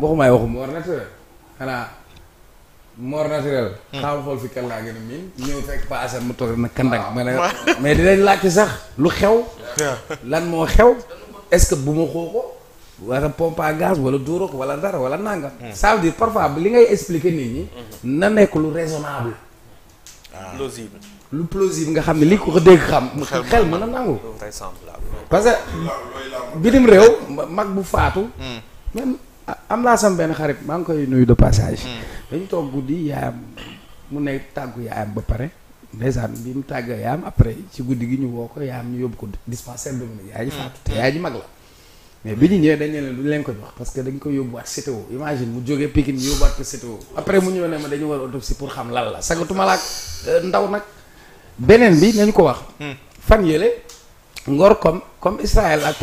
waxumaay waxum mort naturel xanaa mort hmm. fi kan laa gën a miin. ñëw fekk paase mu toog na kandak ma ne mais dinañ laajte sax lu xew. lan moo xew. est bu ma xookoo. wala pompe à gaz wala dóoroo wala dara wala nangam. Hmm. ça veut dire parfois li ngay expliquer nit ñi. Hmm. na nekk lu raisonnable. Ah. plausible. lu plausible nga xam ne li ko ko dégg xam. xel mën a nangu. parce bitim réew mag bu faatu. même ah, am naa sama benn xarit maa ngi koy nuyu de passage. Hmm. dañu toog guddi yaayam mu ne tàggu yaayam ba pare. ndeysaan bi mu tàgg yaayam après ci guddi gi ñu woo ko yaayam ñu yóbbu ko dispensaire de mu ne yaay ji hmm. faatu te yaay ji mag la. mais bi ñu ñëwee dañ ne leen duñ leen ko jox parce que dañ ko yóbbuwaat CTO imagine mu jógee Pikine ñu yóbbuwaat ko CTO après mu ñëw ne ma dañu war autopsie pour xam lan la sagatuma laak euh, ndaw nag beneen bi nañ ko wax hmm. fan yële ngor comme comme Israël ak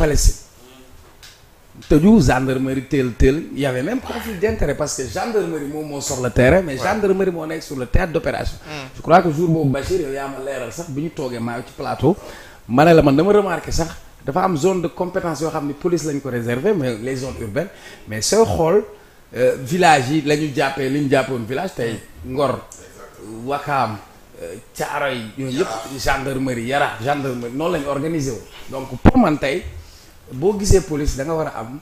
tëju gendarmerie teel teel y avait même conflit d'intérêt parce que gendarmerie moom moo soxla terrain mais gendarmerie moo nekk sur le théâtre d'opération mm. je crois que jour boobu Bachir yaa ma leeral sax bi ñu toogee maa ci plateau ma la man dama remarqué sax dafa am zone de compétence yoo xam ni police lañ ko réserver mais les zones urbaines mais sooy xool euh, village yi la ñu jàppee li ñu jàppoon village tey Ngor Wakaam Caaroy euh, yooyu yëpp gendarmerie Yara gendarmerie noonu la ñu organisé wu donc pour man boo gisee police danga war a am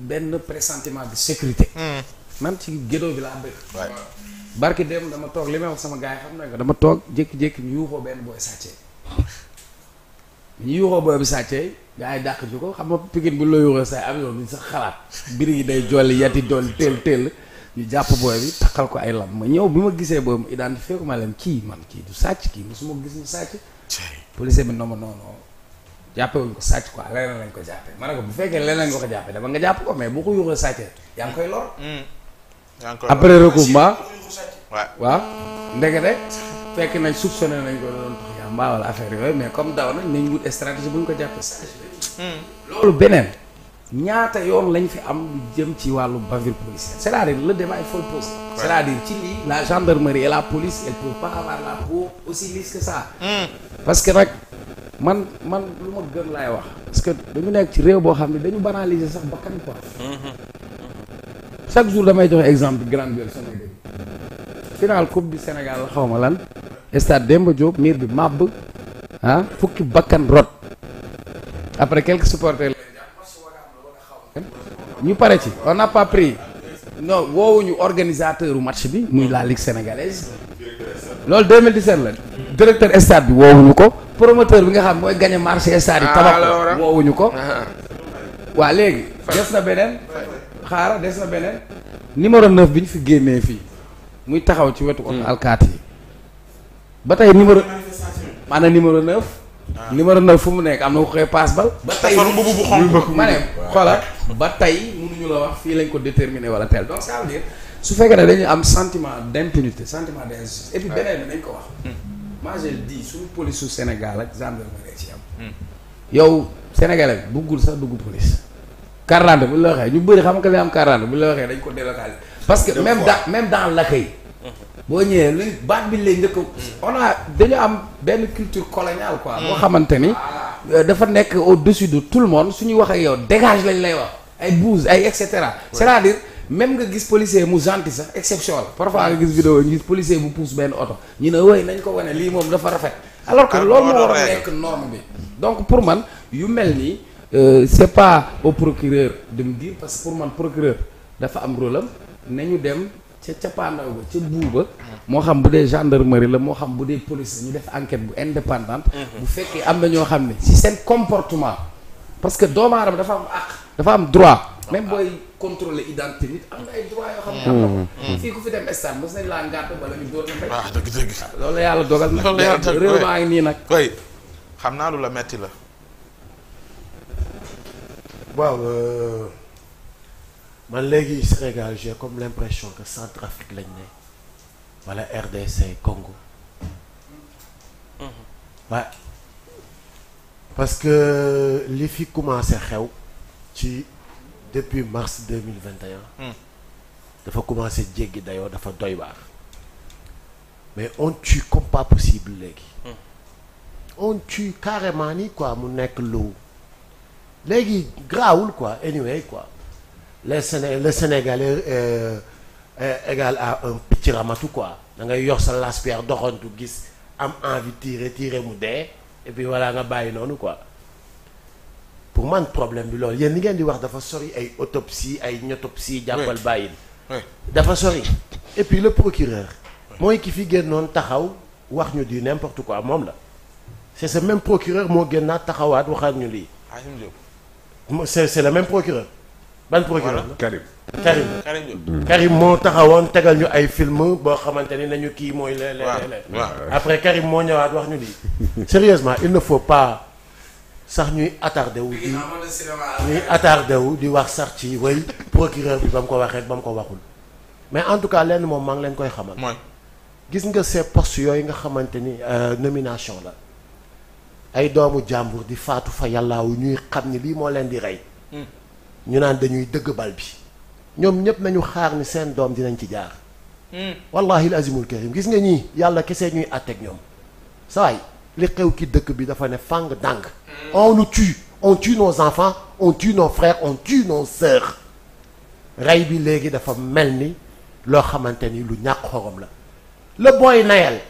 benn pressentiment bi sécurité. Hmm. man ci gédoo bi laa bëgg. barki dem dama toog li may wax sama gars yi xam na ko dama toog jékki-jékki ñu yuuxoo benn booy sàccee ñu yuuxoo booy bi sàccee gars yi dàq ju ko xam nga Pikine bu ñu la yuuxoo am avion bi sax xalaat mbir yi day jolli yati dolli teel teel ñu jàpp booy bi takkal ko ay lam ma ñëw bi ma gisee booy mu identifié ko ma leen kii man kii du sàcc kii su ma gis ñu sàcc. policier bi non non non jàppee wuñ ko sàcc quoi leneen lañ ko jàppee ma ne ko bu fekkee leneen nga ko jàppee dama nga jàpp ko mais bu ko yuuxoo sàccee hmm. yaa ngi koy lor. après recoupement. waaw waaw ndekete fekk nañ soupçonné nañ ko doon affaire yooyu mais comme daw nañ nañ wut bu ko jàppee sàcc hmm. loolu beneen ñaata yoon lañ fi am lu jëm ci wàllu bavure policière c'est-à-dire le débat est fort c'est-à-dire ci lii la gendarmerie et la police elle peut pas avoir la peau aussi lisse que ça hmm. parce que man man lu ma gën laay wax parce que dañu nekk ci réew boo xam ne dañu banaliser sax bakkan ko chaque jour damay joxe exemple grande gueule Sénégal final coupe du Sénégal la xaw ma lan stade Demba Diop miir bi màbb ah fukki bakkan rot après quelques supporters ñu pare ci on n'a pas pris non woowuñu organisateur u match bi muy la Ligue sénégalaise loolu 2017 la directeur stade bi woowuñu ko promoteur bi nga xam mooy gagné marché stade yi ah, tabax ko woowuñu ko ah, ah. waa léegi des na beneen xaara des na beneen numéro 9 bi ñu fi génnee fii muy taxaw ci wetu oto hmm. alkaat yi ba tey numéro maanaam numéro 9 numéro 9 fu mu nekk am na ko koy paas ba tey mbubu bu xonq ma ne ba tey mënuñu la wax fii lañ ko déterminer wala tel donc ça su fekkee ne dañu am sentiment d'impunité sentiment d'injustice et puis beneen bi nañ ko wax hmm. moi je dis suñu police su Sénégal ak gendarmerie si am. yow sénégalais buggul sax dugg police. quarante bu la waxee ñu bëri xam nga am quarante bu la waxee dañ ko délocaliser. parce que même dans même daa l'accueil. boo ñëwee luñ baat bi lay njëkk on a dañu am benn culture coloniale quoi. boo hmm. xamante ni dafa nekk au-dessus de tout le monde su ñuy wax ak yow dégage lañ lay wax ay bouse ay et cetera. même nga gis policier mu gentil sax exception la parfois nga gis vidéo ñu gis policier bu pousse benn oto ñu ne way nañ ko wane lii moom dafa rafet alors que loolu moo war a nekk norme bi donc pour man yu mel nii euh, c'est pas au procureur de me dire parce que pour man procureur dafa am rôle am nañu dem ca cappaandaw ba ca buuba moo xam bu dee gendarmerie la moo xam bu dee police ñu def enquête bu indépendante mhm. bu fekkee am na ñoo xam ne si seen comportement parce que dafa am droit même booy contrôler identité nit am na ay xam ne am hmm. Hmm. fii ku fi dem stade mos nañ laa ngàtt wala ñu dóor na mbéy waaw ah, dëgg dëgg loolu yàlla dogal nag réew maa ngi nii nag koy xam naa metti la waaw euh, man léegi Sénégal j'ai comme l'impression que Centrafrique lañ ne wala RDC Congo waaw hmm. parce que li fi commencé xew ci depuis mars deux mille vingt et hmm. dafa commencé jéggi dayoo dafa doy waar mais on tue comme pas possible léegi hmm. on tue carrément ni quoi mu nekk lu léegi grawul quoi anyway quoi les Séné le Sénégalais euh, est un picc ramatu quoi da ngay yor sa laspère doxantu gis am envie tirer tirer mu dee et puis nga bàyyi noonu quoi pour man problème bi loolu yéen ni ngeen di wax dafa sori ay autopsie ay ñotopsie jàppal bàyyil dafa sori et puis le procureur mooy ki fi génnoon taxaw wax ñu di n'importe quoi moom la c'est ce même procureur moo génnaat taxawaat waxaat ñu lii ah, c'est c'est le même procureur ban procureur la Karim Karim mm. Karim moo taxawoon tegal ñu ay film boo xamante ni nañu kii mooy le le le après Karim moo ñëwaat wax ñu lii sérieusement il ne faut pas sax ñuy attardé wu di ñuy euh, attardé wu di wax sax ci way procureur bi ba mu ko waxee ba mu ko waxul mais en tout cas lenn moom maa ngi leen koy xamal gis nga ces postes yooyu nga xamante ni euh, nomination la ay doomu jàmbur di faatu fa yàllaaw ñuy xam ni lii moo leen di rey hmm. ñu naan dañuy dëgg bal bi ñoom ñépp nañu xaar ni seen doom dinañ ci jaar hmm. wallahi azimul karim gis nga ñii yàlla kese ñuy àtteeg ñoom sawaay li xew ki dëkk bi dafa ne fang dang on nous tue on tue nos enfants on tue nos frères on tue nos sœurs rey bi léegi dafa mel ni loo xamante ni lu ñàkk xorom la le boy Nayel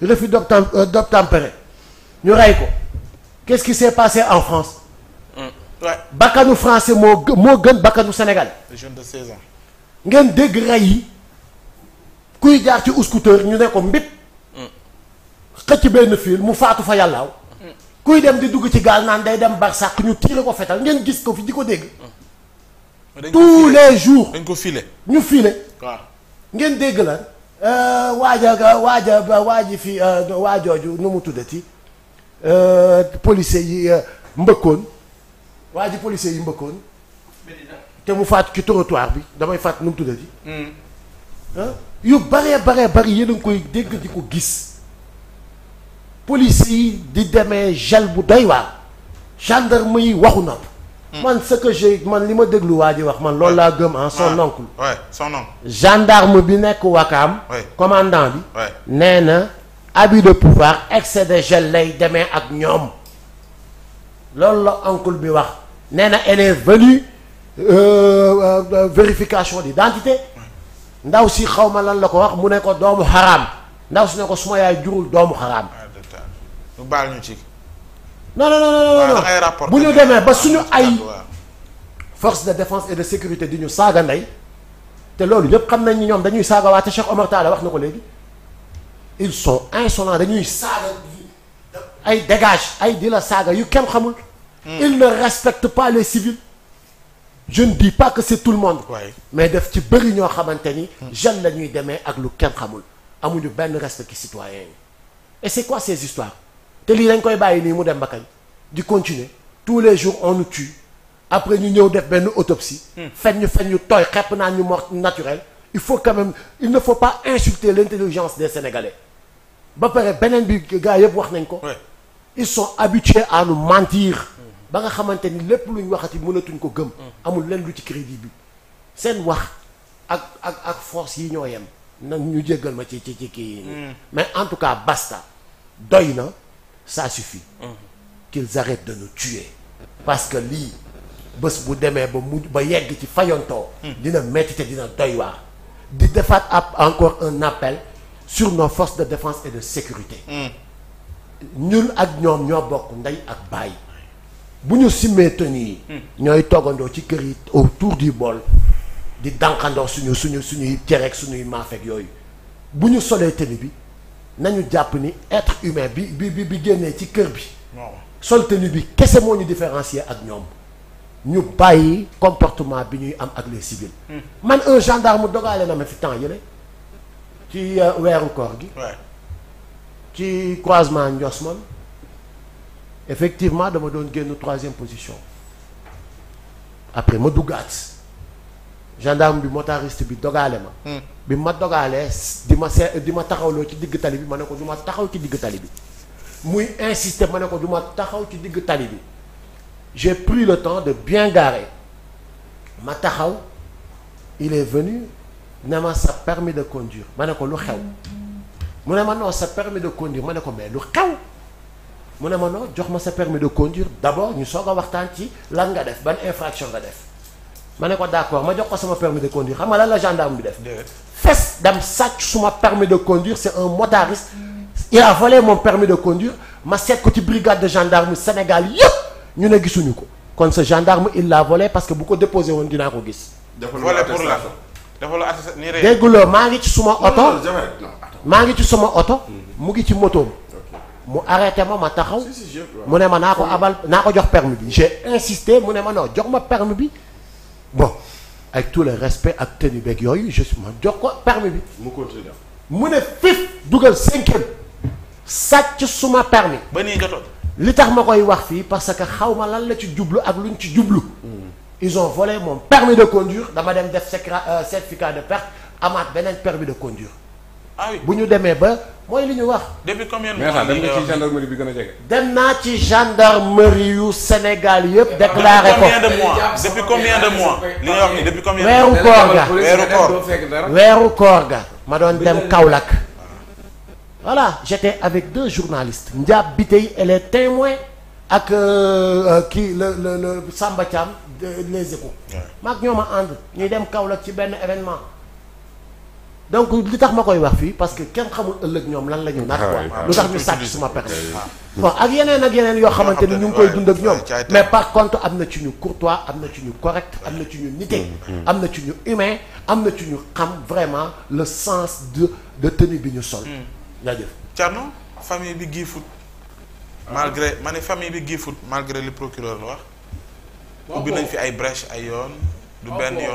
refus d'obtempérer ñu ray ko qu'est-ce qui s'est passé en France hmm. bakkanu français moo gën bakkanu Sénégal jeune de 16 ans ngeen dégg rey yi kuy jaar ci uskuteur ñu ne ko mbit ci benn fiil mu faatu fa yàllaaw kuy dem di dugg ci gaal naan day dem barsàq ñu tiire ko fetal ngeen gis ko fi di ko dégg tous les jours dañ ko filé ñu filé waaw ngeen dégg la euh, waaja waaja waaji fi euh, waajooju nu mu tuddati euh, policier yi mbëkkoon waa ji policier yi mbëkkoon te mu faatu ci trottoir bi damay fàtt nu mu tuddati hmm. yu baree baree bari yéen koy dégg di ko gis police yi di demee gel bu doy waa gendarme yi waxu na hmm. man ce que man li ma déglu waa ji wax man loolu laa gëm ah son oncle son gendarme bi nekk Wakaam commandant bi nee na abus de pouvoir excès de gel lay demee ak ñoom loolu la oncle bi wax nee na elle est venue euh, euh, vérification d'identité ndaw si xaw ma lan la ko wax mu ne ko doomu xaraam ndaw si ne ko suma yaay jurul doomu xaraam ñu baal ñu ci. non non non non non non bu ñu demee ba suñu ay force de défense et de sécurité di ñu saaga ndey te loolu yëpp xam nañ ni ñoom dañuy saaga waa te Cheikh Omar Talla wax na ko léegi ils sont insolents dañuy saaga ay dégage ay di la saaga yu kenn xamul. Hmm. ils ne respectent pas les civils. je ne dis pas que c'est tout le monde. Ouais. mais def ci bëri ñoo xamante ni. Hmm. jeune la ñuy demee ak lu kenn xamul amuñu benn respect ci citoyen yi. et c'est quoi ces histoires. te lii dañ koy bàyyi nii mu dem ba di continuer tous les jours on nous tue après ñu ñëw def benn autopsie. Hmm. fen ñu fen ñu tooy xepp naa ñu mort naturel il faut quand même il ne faut pas insulter l'intelligence des Sénégalais ba pare beneen bi gars yëpp wax nañ ko. ils sont habitués à nous mentir. ba nga xamante ni lépp luñ waxati mënatuñ ko gëm. Hmm. amul lenn lu ci crédit bi seen wax ak ak ak force yi ñoo yem. nag ñu jéggal ma ci ci ci kii hmm. mais en tout cas basta doy na. ça suffit qu'ils arrêtent de nous tuer parce que lii bés bu demee ba mujj ba yegg ci fayontoo dina metti dina doy waar di defaat ab encore un appel sur nos forces de défense et de sécurité ñun ak ñoom ñoo bokk ndey ak baay bu ñu simmee tenue yi ñooy toggandoo ci kër yi autour di bool di dànqandoo suñu suñu suñuy cereek suñuy maafeek yooyu bu ñu solee tenue bi nañu jàpp ni être humain bi bi bi bi génnee ci kër bi. sol tenue bi kese moo ñu différencier ak ñoom ñu bàyyi comportement bi ñuy am ak les civils. Hmm. man un gendarme dogale na ma fi temps yële ci euh, weeru koor gi. ci croisement Ndiosmone effectivement dama doon génn troisième position après ma duggaat. gendarme bi moo motariste bi dogaale ma. Hmm. bi ma dogaalee di ma se di ma taxawloo ci digg tali bi ma ne ko du ma taxaw ci digg tali bi muy insister ma ne ko du ma taxaw ci digg tali bi j'ai pris le temps de bien garer ma taxaw il est venu ne ma sa permis de conduire ma ne ko lu xew mu ne ma non sa permis de conduire ma ne ko mais lu xew mu ne ma non jox ma sa permis de conduire d'abord ñu soog a waxtaan ci lan nga def ban infraction nga def. ma ne ko d'accord ma jox ko sama permis de conduire xam nga lan la gendarme bi def. fes dam sàcc suma permis de conduire c'est un motariste. il a volé mon permis de conduire ma seet ko ci brigade de gendarme Sénégal yëpp ñu ne gisuñu ko kon ce gendarme il l'a volé parce que bu ko déposé woon dinaa ko gis. volé pour la dafa la maa ngi ci suma oto maa ngi ci suma oto. mu ngi ci motoom. mu arrêté ma ma taxaw. mu ne ma naa ko abal naa ko jox permis bi. j'ai insisté mu ne ma non jox ma permis bi. bon avec tout les respect ak tenue beeg yooyu je suis jox ko permis bi. mu continué mu ne fif dugal cinquième sàcc suma permis ba nii jotoon li tax ma koy wax fii parce que xaw ma lan la ci jublu ak luñ ci jublu. Hmm. ils ont volé mon permis de conduire dama dem def euh, certificat de perte amaat beneen permis de conduire. ah bu ñu demee ba mooy li ñu wax. depuis combien dem bi gën a jege. dem naa ci gendarmerie yu Sénégal yëpp. déclaré ko depuis weeru koor ga weeru koor ga ma doon dem Kaolack. voilà j'étais avec deux journalistes. Ndiab bi elle est témoin ak euh, euh, kii le le le Samba Thiam les Échos. maag ñoo ma ànd ñuy dem Kaolack ci benn événement. donc li tax ma koy wax fii parce que kenn xamul ëllëg ñoom lan la ñu nar quoi ah ah, lu tax ñu sàcc suma perte bon ak yeneen ak yeneen yoo xamante ni ñu ngi koy dund ak ñoom mais par contre am na ci ñu courtois am na ci ñu correct am na ci ñu nite mm, mm. am na ci ñu humain am na ci ñu xam vraiment le sens de de tenue bi ñu sol mm. jaajëf Thierno famille bi giifut malgré ma ne famille bi giifut malgré li procureur la wax ubbi nañ fi ay brèche ay yoon du benn yoon